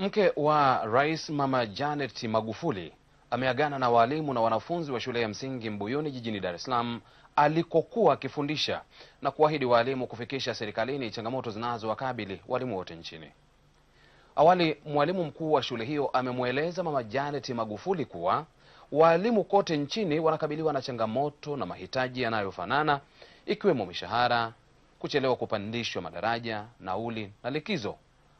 Mke wa rais Mama Janet Magufuli ameagana na walimu na wanafunzi wa shule ya msingi Mbuyuni jijini Dar es Salaam alikokuwa akifundisha na kuahidi walimu kufikisha serikalini changamoto zinazowakabili walimu wote nchini. Awali, mwalimu mkuu wa shule hiyo amemweleza Mama Janet Magufuli kuwa walimu kote nchini wanakabiliwa na changamoto na mahitaji yanayofanana ikiwemo mishahara, kuchelewa kupandishwa madaraja, nauli na likizo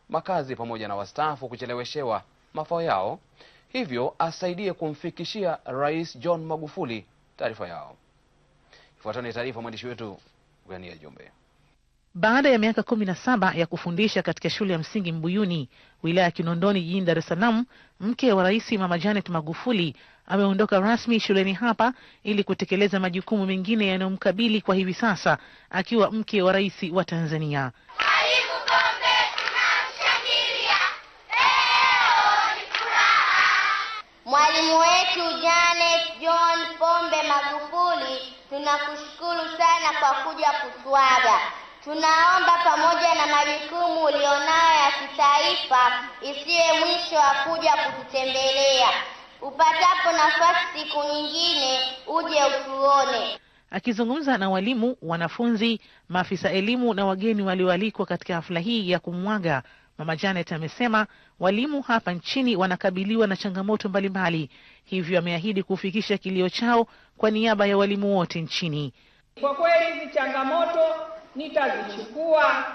makazi pamoja na wastaafu kucheleweshewa mafao yao, hivyo asaidie kumfikishia Rais John Magufuli taarifa yao. Ifuatayo ni taarifa mwandishi wetu Gania Jumbe. Baada ya miaka kumi na saba ya kufundisha katika shule ya msingi Mbuyuni, wilaya ya Kinondoni, jijini Dar es Salaam, mke wa rais Mama Janet Magufuli ameondoka rasmi shuleni hapa ili kutekeleza majukumu mengine yanayomkabili kwa hivi sasa, akiwa mke wa rais wa Tanzania. Mwalimu wetu Janet John Pombe Magufuli, tunakushukuru sana kwa kuja kutuaga. Tunaomba pamoja na majukumu ulionayo ya kitaifa, isiye mwisho wa kuja kututembelea. Upatapo nafasi siku nyingine, uje utuone. Akizungumza na walimu, wanafunzi, maafisa elimu na wageni walioalikwa katika hafla hii ya kumwaga Mama Janet amesema walimu hapa nchini wanakabiliwa na changamoto mbalimbali, hivyo ameahidi kufikisha kilio chao kwa niaba ya walimu wote nchini. Kwa kweli hizi changamoto nitazichukua,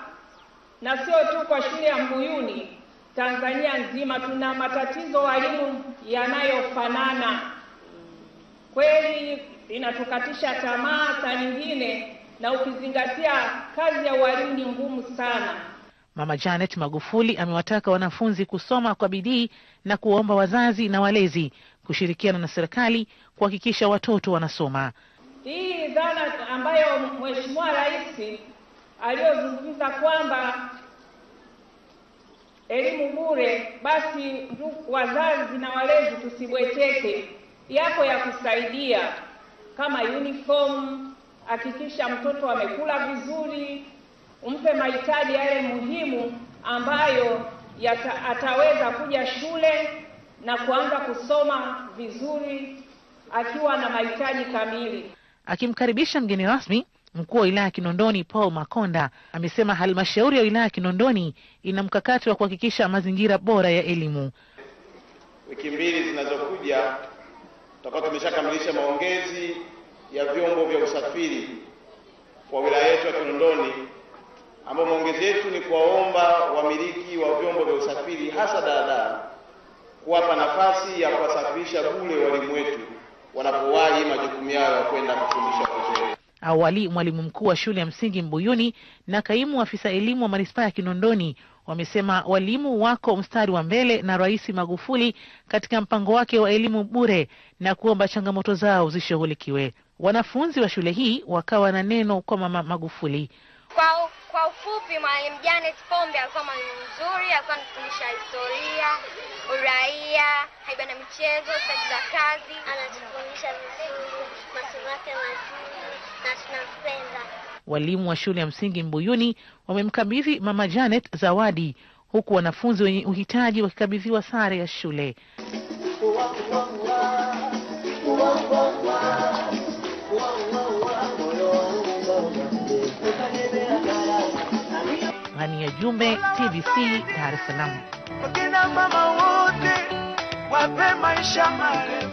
na sio tu kwa shule ya Mbuyuni, Tanzania nzima tuna matatizo walimu yanayofanana. Kweli inatukatisha tamaa saa nyingine, na ukizingatia kazi ya walimu ni ngumu sana. Mama Janet Magufuli amewataka wanafunzi kusoma kwa bidii na kuwaomba wazazi na walezi kushirikiana na serikali kuhakikisha watoto wanasoma. Hii dhana ambayo Mheshimiwa Rais aliyozungumza kwamba elimu bure, basi wazazi na walezi tusibweteke, yako ya kusaidia kama uniform, hakikisha mtoto amekula vizuri, umpe mahitaji yale ambayo yata, ataweza kuja shule na kuanza kusoma vizuri akiwa na mahitaji kamili. Akimkaribisha mgeni rasmi, mkuu wa wilaya ya Kinondoni Paul Makonda amesema halmashauri ya wilaya ya Kinondoni ina mkakati wa kuhakikisha mazingira bora ya elimu. Wiki mbili zinazokuja tutakuwa tumeshakamilisha maongezi ya vyombo vya usafiri kwa wilaya yetu ya Kinondoni ambao maongezi yetu ni kuwaomba wamiliki wa vyombo vya usafiri hasa daladala kuwapa nafasi ya kuwasafirisha bure walimu wetu wanapowahi majukumu yao ya kwenda kufundisha kucheza. Awali mwalimu mkuu wa shule ya msingi Mbuyuni na kaimu afisa elimu wa manispaa ya Kinondoni wamesema walimu wako mstari wa mbele na Rais Magufuli katika mpango wake wa elimu bure na kuomba changamoto zao zishughulikiwe. Wanafunzi wa shule hii wakawa na neno kwa Mama Magufuli. Kwao kwa ufupi, Mwalimu Janet Pombe alikuwa mwalimu mzuri, alikuwa anafundisha historia, uraia, haiba na michezo, stadi za kazi. Anatufundisha vizuri, masomo yake mazuri na tunampenda. Walimu wa shule ya msingi Mbuyuni wamemkabidhi Mama Janet zawadi huku wanafunzi wenye uhitaji wakikabidhiwa sare ya shule ya Jumbe, TBC, Dar es Salaam. Wakina mama wote wape maisha marefu.